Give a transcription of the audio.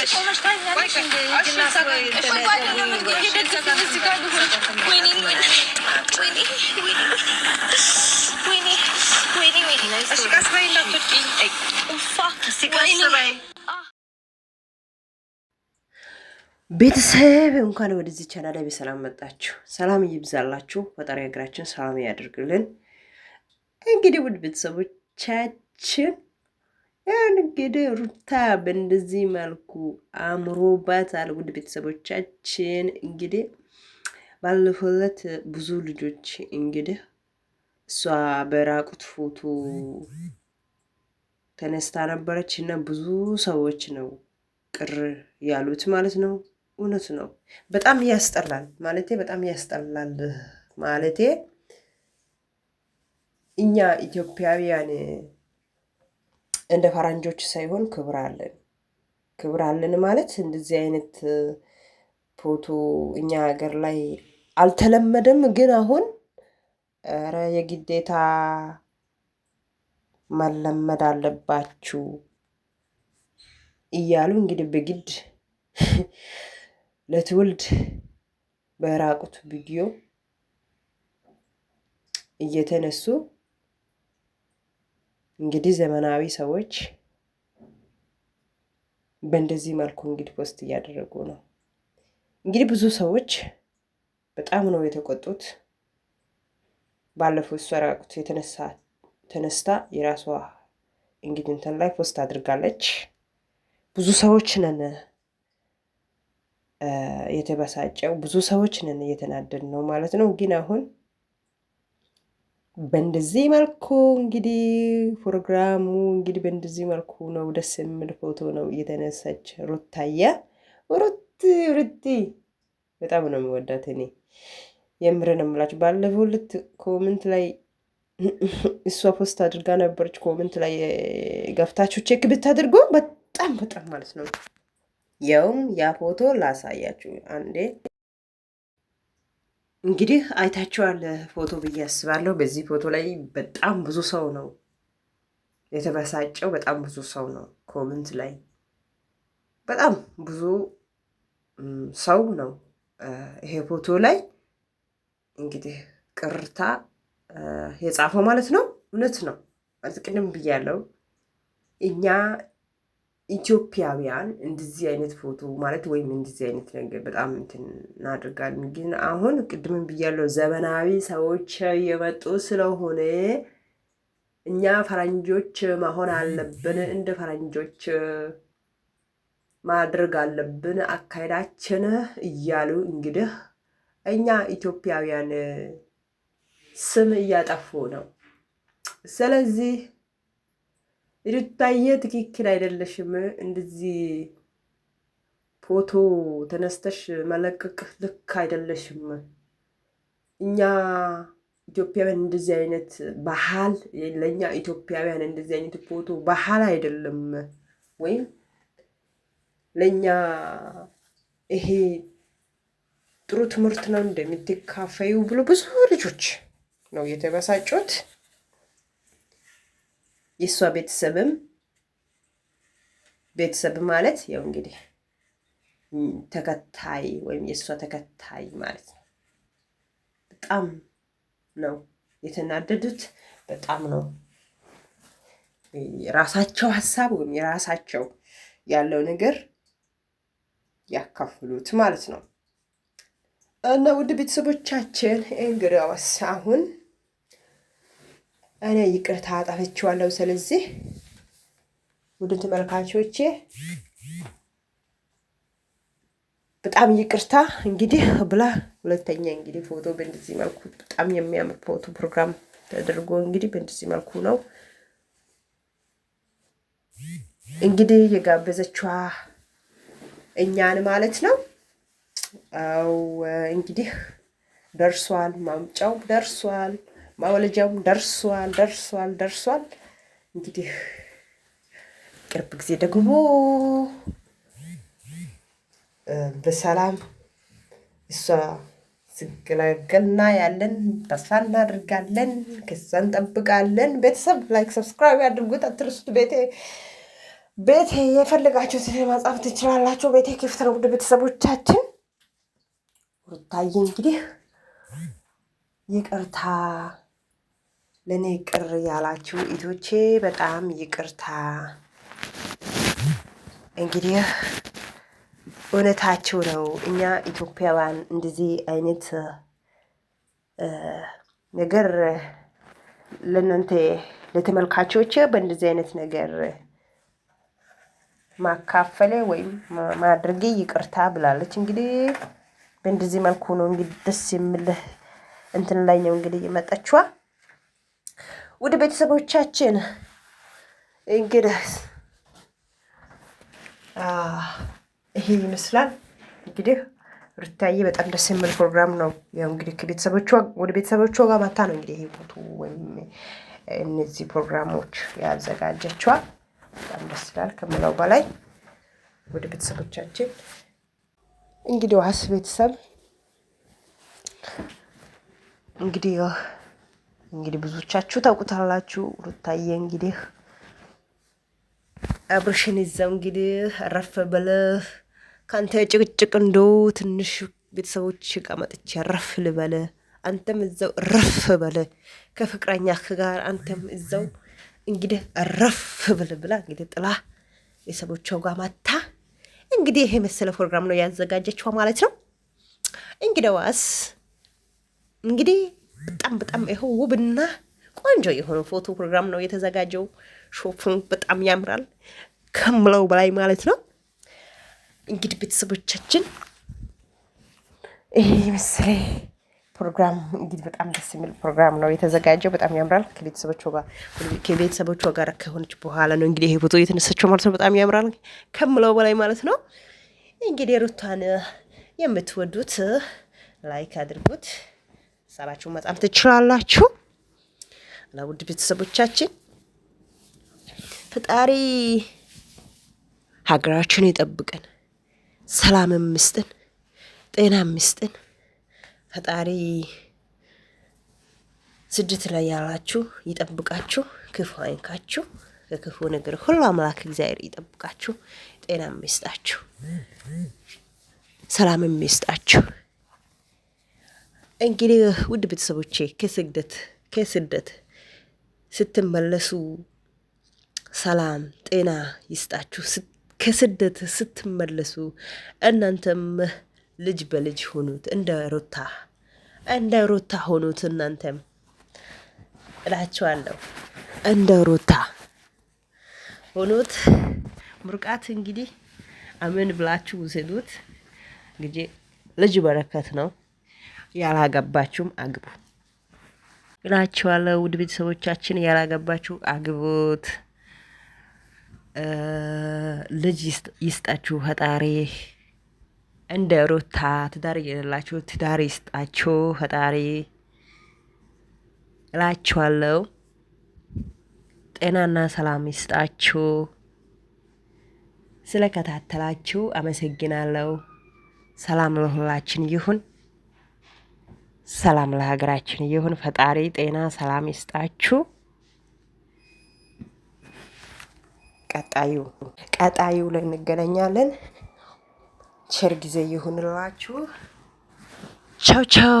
ቤተሰብ እንኳን ወደዚህ ቻናል በሰላም መጣችሁ። ሰላም ይብዛላችሁ። ፈጣሪ ሀገራችን ሰላም ያደርግልን። እንግዲህ ውድ ቤተሰቦቻችን እንግዲህ ሩታ በእንደዚህ መልኩ አምሮባታል። ውድ ቤተሰቦቻችን እንግዲህ ባለፈው ዕለት ብዙ ልጆች እንግዲህ እሷ በራቁት ፎቶ ተነስታ ነበረች እና ብዙ ሰዎች ነው ቅር ያሉት ማለት ነው። እውነት ነው። በጣም ያስጠላል ማለቴ በጣም ያስጠላል ማለቴ እኛ ኢትዮጵያውያን እንደ ፈረንጆች ሳይሆን ክብር አለን። ክብር አለን ማለት እንደዚህ አይነት ፎቶ እኛ ሀገር ላይ አልተለመደም። ግን አሁን ኧረ የግዴታ መለመድ አለባችሁ እያሉ እንግዲህ በግድ ለትውልድ በራቁት ቪዲዮ እየተነሱ እንግዲህ ዘመናዊ ሰዎች በእንደዚህ መልኩ እንግዲህ ፖስት እያደረጉ ነው። እንግዲህ ብዙ ሰዎች በጣም ነው የተቆጡት። ባለፈው እሷ ራቁት የተነሳ ተነስታ የራሷ እንግዲህ እንትን ላይ ፖስት አድርጋለች። ብዙ ሰዎች ነን የተበሳጨው፣ ብዙ ሰዎች ነን እየተናደድ ነው ማለት ነው ግን አሁን በእንደዚህ መልኩ እንግዲህ ፕሮግራሙ እንግዲህ በእንደዚህ መልኩ ነው። ደስ የሚል ፎቶ ነው እየተነሳች ሩታየ ሩት ሩቲ በጣም ነው የሚወዳት እኔ የምር ነው የምላችሁ። ባለፈው ኮመንት ላይ እሷ ፖስት አድርጋ ነበረች። ኮመንት ላይ ገፍታችሁ ቼክ ብታደርጉ በጣም በጣም ማለት ነው። ያውም ያ ፎቶ ላሳያችሁ አንዴ እንግዲህ አይታችኋል ፎቶ ብዬ አስባለሁ። በዚህ ፎቶ ላይ በጣም ብዙ ሰው ነው የተበሳጨው። በጣም ብዙ ሰው ነው ኮመንት ላይ በጣም ብዙ ሰው ነው ይሄ ፎቶ ላይ እንግዲህ ቅርታ የጻፈው ማለት ነው። እውነት ነው ማለት ቅድም ብያለው እኛ ኢትዮጵያውያን እንደዚህ አይነት ፎቶ ማለት ወይም እንደዚህ አይነት ነገር በጣም እንትን እናደርጋለን። ግን አሁን ቅድምን ብያለው ዘመናዊ ሰዎች የመጡ ስለሆነ እኛ ፈረንጆች መሆን አለብን፣ እንደ ፈረንጆች ማድረግ አለብን አካሄዳችን እያሉ እንግዲህ እኛ ኢትዮጵያውያን ስም እያጠፉ ነው። ስለዚህ ሩታዬ ትክክል አይደለሽም። እንደዚህ ፎቶ ተነስተሽ መለቀቅ ልክ አይደለሽም። እኛ ኢትዮጵያውያን እንደዚህ አይነት ባህል ለእኛ ኢትዮጵያውያን እንደዚህ አይነት ፎቶ ባህል አይደለም፣ ወይም ለእኛ ይሄ ጥሩ ትምህርት ነው እንደምትካፈዩ ብሎ ብዙ ልጆች ነው የተበሳጩት። የእሷ ቤተሰብም ቤተሰብ ማለት ያው እንግዲህ ተከታይ ወይም የእሷ ተከታይ ማለት ነው። በጣም ነው የተናደዱት። በጣም ነው የራሳቸው ሀሳብ ወይም የራሳቸው ያለው ነገር ያካፍሉት ማለት ነው። እና ውድ ቤተሰቦቻችን እንግዲያውስ አሁን እኔ ይቅርታ አጠፍቼዋለሁ። ስለዚህ ውድ ተመልካቾቼ በጣም ይቅርታ እንግዲህ ብላ ሁለተኛ እንግዲህ ፎቶ በእንደዚህ መልኩ በጣም የሚያምር ፎቶ ፕሮግራም ተደርጎ እንግዲህ በእንደዚህ መልኩ ነው እንግዲህ የጋበዘችዋ እኛን ማለት ነው። አው እንግዲህ ደርሷል፣ ማምጫው ደርሷል። ማወለጃውም ደርሷል ደርሷል ደርሷል። እንግዲህ ቅርብ ጊዜ ደግሞ በሰላም እሷ ስገላገልና ያለን ተስፋ እናደርጋለን። ከዛ እንጠብቃለን። ቤተሰብ ላይክ፣ ሰብስክራይብ ያድርጉት አትርሱት። ቤቴ ቤቴ የፈለጋችሁ ማጻፍ ትችላላችሁ። ቤቴ ክፍት ነው። ወደ ቤተሰቦቻችን ሩታዬ እንግዲህ ይቅርታ ለእኔ ቅር ያላችሁ እህቶቼ በጣም ይቅርታ። እንግዲህ እውነታችሁ ነው። እኛ ኢትዮጵያውያን እንደዚህ አይነት ነገር ለእናንተ ለተመልካቾች በእንደዚህ አይነት ነገር ማካፈሌ ወይም ማድረጌ ይቅርታ ብላለች። እንግዲህ በእንደዚህ መልኩ ነው እንግዲህ ደስ የምልህ እንትን ላይ ነው እንግዲህ የመጣችዋ ውድ ቤተሰቦቻችን እንግዲህ ይሄ ይመስላል። እንግዲህ ሩታዬ በጣም ደስ የሚል ፕሮግራም ነው። ያው እንግዲህ ከቤተሰቦቿ ወደ ቤተሰቦቿ ጋር ማታ ነው እንግዲህ ይሄ ቦቱ ወይም እነዚህ ፕሮግራሞች ያዘጋጀችዋል። በጣም ደስ ይላል ከምለው በላይ ወደ ቤተሰቦቻችን እንግዲህ ዋስ ቤተሰብ እንግዲህ እንግዲህ ብዙቻችሁ ታውቁታላችሁ። ሩታዬ እንግዲህ አብርሽን ይዘው እንግዲህ ረፍ በለህ ከአንተ ጭቅጭቅ እንዶ ትንሽ ቤተሰቦች ቃመጥቼ ረፍ ልበለ አንተም እዛው ረፍ በለ ከፍቅረኛህ ጋር አንተም እዛው እንግዲህ ረፍ ብል ብላ እንግዲህ ጥላ ቤተሰቦቿ ጋር ማታ እንግዲህ ይሄ መሰለ ፕሮግራም ነው ያዘጋጀችው ማለት ነው። እንግዲህ ዋስ እንግዲህ በጣም በጣም ይኸው ውብና ቆንጆ የሆነ ፎቶ ፕሮግራም ነው የተዘጋጀው። ሾፉን በጣም ያምራል ከምለው በላይ ማለት ነው። እንግዲህ ቤተሰቦቻችን ይህ ምስሌ ፕሮግራም እንግዲህ በጣም ደስ የሚል ፕሮግራም ነው የተዘጋጀው። በጣም ያምራል። ከቤተሰቦቿ ጋር ከሆነች በኋላ ነው እንግዲህ ይሄ ፎቶ የተነሳቸው ማለት ነው። በጣም ያምራል ከምለው በላይ ማለት ነው። እንግዲህ ሩቷን የምትወዱት ላይክ አድርጉት። ሀሳባችሁ መጻፍ ትችላላችሁ። እና ውድ ቤተሰቦቻችን ፈጣሪ ሀገራችን ይጠብቀን፣ ሰላም ምስጥን፣ ጤና ምስጥን። ፈጣሪ ስደት ላይ ያላችሁ ይጠብቃችሁ፣ ክፉ አይንካችሁ፣ ከክፉ ነገር ሁሉ አምላክ እግዚአብሔር ይጠብቃችሁ፣ ጤና ምስጣችሁ፣ ሰላም ምስጣችሁ። እንግዲህ ውድ ቤተሰቦቼ ከስደት ከስደት ስትመለሱ ሰላም ጤና ይስጣችሁ። ከስደት ስትመለሱ እናንተም ልጅ በልጅ ሆኑት፣ እንደ ሩታ እንደ ሩታ ሆኑት። እናንተም እላችኋለሁ እንደ ሩታ ሆኑት። ምርቃት እንግዲህ አሜን ብላችሁ ውሰዱት። እንግዲህ ልጅ በረከት ነው። ያላገባችሁም አግቡ እላችኋለሁ። ውድ ቤተሰቦቻችን ያላገባችሁ አግቡት። ልጅ ይስጣችሁ ፈጣሪ። እንደ ሩታ ትዳር እየሌላችሁ ትዳር ይስጣችሁ ፈጣሪ እላችኋለሁ። ጤናና ሰላም ይስጣችሁ። ስለከታተላችሁ አመሰግናለሁ። ሰላም ለሁላችን ይሁን። ሰላም ለሀገራችን ይሁን። ፈጣሪ ጤና ሰላም ይስጣችሁ። ቀጣዩ ቀጣዩ ላይ እንገናኛለን። ቸር ጊዜ ይሁንላችሁ። ቸው ቸው